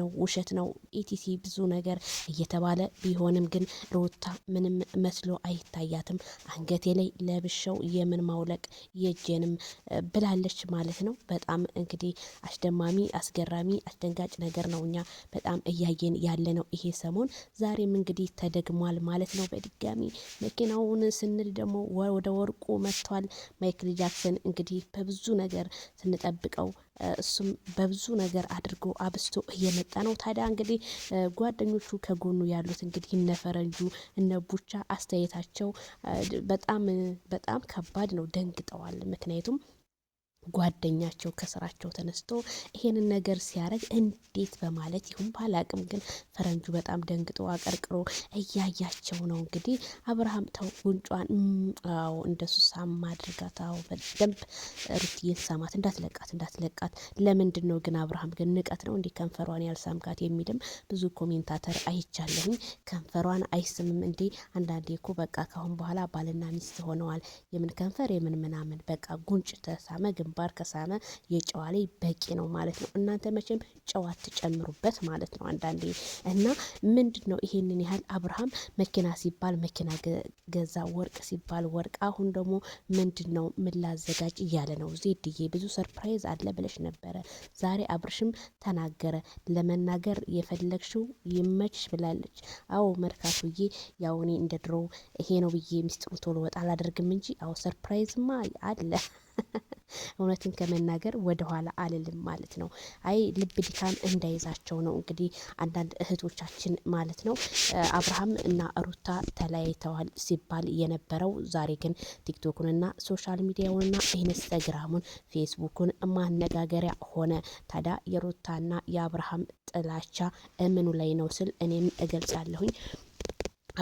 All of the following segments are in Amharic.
ነው ውሸት ነው ኢቲሲ ብዙ ነገር እየተባለ ቢሆንም ግን ሩታ ምንም መስሎ አይታያትም። አንገቴ ላይ ለብሻው የምን ማውለቅ የጄንም ብላለች ማለት ነው። በጣም እንግዲህ አስደማሚ፣ አስገራሚ፣ አስደንጋጭ ነገር ነው እኛ በጣም እያየን ያለ ነው ይሄ ሰሞን። ዛሬም እንግዲህ ተደግሟል ማለት ነው በድጋሚ መኪናውን ስንል ደግሞ ወደ ወርቁ መጥቷል። ማይክል ጃክሰን እንግዲህ በብዙ ነገር ስንጠብቀው እሱም በብዙ ነገር አድርጎ አብስቶ እየመጣ ነው። ታዲያ እንግዲህ ጓደኞቹ ከጎኑ ያሉት እንግዲህ እነ ፈረንጁ እነ ቡቻ አስተያየታቸው በጣም በጣም ከባድ ነው። ደንግጠዋል። ምክንያቱም ጓደኛቸው ከስራቸው ተነስቶ ይሄንን ነገር ሲያደርግ እንዴት በማለት ይሁን ባላቅም፣ ግን ፈረንጁ በጣም ደንግጦ አቀርቅሮ እያያቸው ነው። እንግዲህ አብርሃም ተው ጉንጯን፣ ው እንደ ሳም ማድረጋት፣ በደንብ ሩት ሳማት፣ እንዳትለቃት እንዳትለቃት። ለምንድን ነው ግን አብርሃም ግን ንቀት ነው እንዲህ ከንፈሯን ያልሳምካት የሚልም ብዙ ኮሜንታተር አይቻለሁኝ። ከንፈሯን አይስምም እንዴ? አንዳንዴ እኮ በቃ ካሁን በኋላ ባልና ሚስት ሆነዋል። የምን ከንፈር የምን ምናምን በቃ ጉንጭ ተሳመ ግንባ ግንባር ከሳመ የጨዋ ላይ በቂ ነው ማለት ነው። እናንተ መቼም ጨዋ ትጨምሩበት ማለት ነው አንዳንዴ እና ምንድን ነው ይሄንን ያህል አብርሃም መኪና ሲባል መኪና ገዛ፣ ወርቅ ሲባል ወርቅ። አሁን ደግሞ ምንድን ነው ምን ላዘጋጅ እያለ ነው ዜድዬ። ብዙ ሰርፕራይዝ አለ ብለሽ ነበረ። ዛሬ አብርሽም ተናገረ። ለመናገር የፈለግሽው ይመችሽ ብላለች። አዎ መርካቶዬ፣ ያው እኔ እንደ ድሮ ይሄ ነው ብዬ ሚስጥሩ ቶሎ ወጣ አላደርግም እንጂ አዎ ሰርፕራይዝማ አለ። እውነትን ከመናገር ወደኋላ አልልም ማለት ነው። አይ ልብ ድካም እንዳይዛቸው ነው እንግዲህ አንዳንድ እህቶቻችን ማለት ነው። አብርሃም እና ሩታ ተለያይተዋል ሲባል የነበረው ዛሬ ግን ቲክቶኩንና ሶሻል ሚዲያውንና ኢንስተግራሙን ፌስቡኩን ማነጋገሪያ ሆነ። ታዲያ የሩታና የአብርሃም ጥላቻ እምኑ ላይ ነው ስል እኔም እገልጻለሁኝ።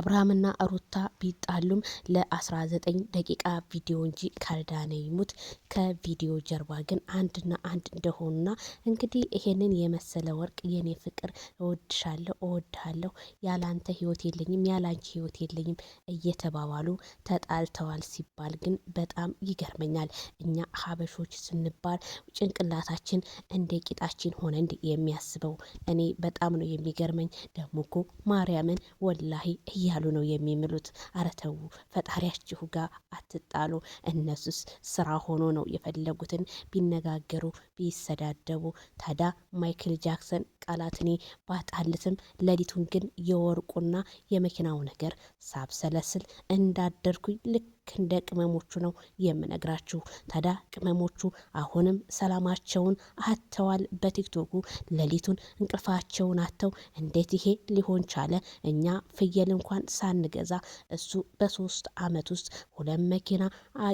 አብርሃምና ሩታ ቢጣሉም ለ19 ደቂቃ ቪዲዮ እንጂ ካልዳነ ይሙት። ከቪዲዮ ጀርባ ግን አንድና አንድ እንደሆኑና እንግዲህ ይሄንን የመሰለ ወርቅ የኔ ፍቅር እወድሻለሁ፣ እወድሃለሁ፣ ያላንተ ህይወት የለኝም፣ ያላንቺ ህይወት የለኝም እየተባባሉ ተጣልተዋል ሲባል ግን በጣም ይገርመኛል። እኛ ሀበሾች ስንባል ጭንቅላታችን እንደ ቂጣችን ሆነ የሚያስበው እኔ በጣም ነው የሚገርመኝ። ደሞኮ ማርያምን ወላሂ እያሉ ነው የሚምሉት። አረተው ፈጣሪያችሁ ጋር አትጣሉ። እነሱስ ስራ ሆኖ ነው የፈለጉትን ቢነጋገሩ ቢሰዳደቡ። ታዲያ ማይክል ጃክሰን ቃላትኔ ባጣልትም ሌሊቱን ግን የወርቁና የመኪናው ነገር ሳብሰለስል እንዳደርኩኝ ልክ ልክ እንደ ቅመሞቹ ነው የምነግራችሁ። ታዲያ ቅመሞቹ አሁንም ሰላማቸውን አተዋል በቲክቶኩ ሌሊቱን እንቅልፋቸውን አተው እንዴት ይሄ ሊሆን ቻለ? እኛ ፍየል እንኳን ሳንገዛ እሱ በሶስት አመት ውስጥ ሁለት መኪና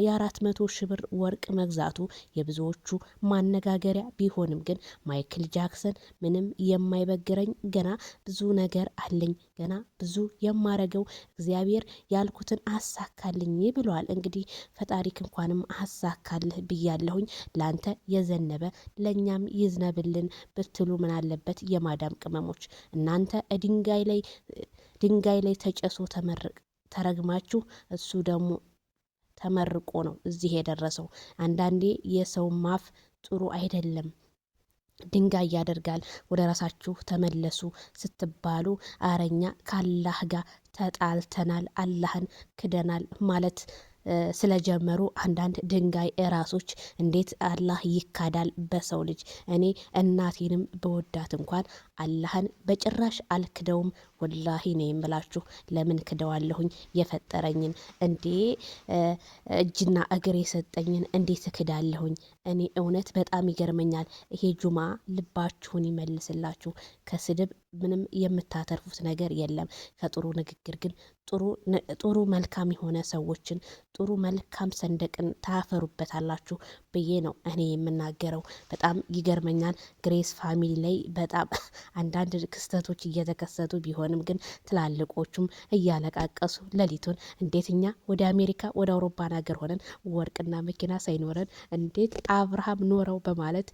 የአራት መቶ ሺህ ብር ወርቅ መግዛቱ የብዙዎቹ ማነጋገሪያ ቢሆንም ግን ማይክል ጃክሰን ምንም የማይበግረኝ ገና ብዙ ነገር አለኝ ገና ብዙ የማረገው እግዚአብሔር ያልኩትን አሳካልኝ ብሎ ብለዋል። እንግዲህ ፈጣሪክ እንኳንም አሳካልህ ብያለሁኝ። ለአንተ የዘነበ ለእኛም ይዝነብልን ብትሉ ምን አለበት? የማዳም ቅመሞች እናንተ ድንጋይ ላይ ድንጋይ ላይ ተጨሶ ተረግማችሁ እሱ ደግሞ ተመርቆ ነው እዚህ የደረሰው። አንዳንዴ የሰው ማፍ ጥሩ አይደለም። ድንጋይ ያደርጋል። ወደ ራሳችሁ ተመለሱ ስትባሉ አረኛ ካላህ ጋር ተጣልተናል፣ አላህን ክደናል ማለት ስለጀመሩ አንዳንድ ድንጋይ ራሶች እንዴት አላህ ይካዳል በሰው ልጅ? እኔ እናቴንም በወዳት እንኳን አላህን በጭራሽ አልክደውም። ወላሂ ነው የምላችሁ። ለምን ክደዋለሁኝ? የፈጠረኝን እንዴ እጅና እግር የሰጠኝን እንዴት እክዳለሁኝ? እኔ እውነት በጣም ይገርመኛል። ይሄ ጁማ ልባችሁን ይመልስላችሁ። ከስድብ ምንም የምታተርፉት ነገር የለም። ከጥሩ ንግግር ግን ጥሩ መልካም የሆነ ሰዎችን ጥሩ መልካም ሰንደቅን ታፈሩበታላችሁ ብዬ ነው እኔ የምናገረው። በጣም ይገርመኛል። ግሬስ ፋሚሊ ላይ በጣም አንዳንድ ክስተቶች እየተከሰቱ ቢሆንም ግን ትላልቆቹም እያለቃቀሱ ሌሊቱን እንዴት እኛ ወደ አሜሪካ ወደ አውሮፓን ሀገር ሆነን ወርቅና መኪና ሳይኖረን እንዴት አብርሃም ኖረው በማለት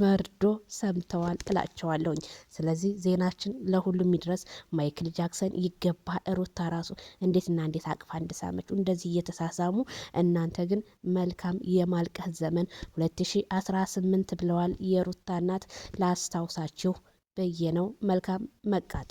መርዶ ሰምተዋል እላቸዋለሁኝ። ስለዚህ ዜናችን ለሁሉም ይድረስ። ማይክል ጃክሰን ይገባ ሩታ ራሱ እንዴት እና እንዴት አቅፋ እንድሳመች እንደዚህ እየተሳሳሙ እናንተ ግን መልካም የማልቀህ ዘመን 2018 ብለዋል የሩታ እናት ላስታውሳችሁ ብዬ ነው። መልካም መቃጠል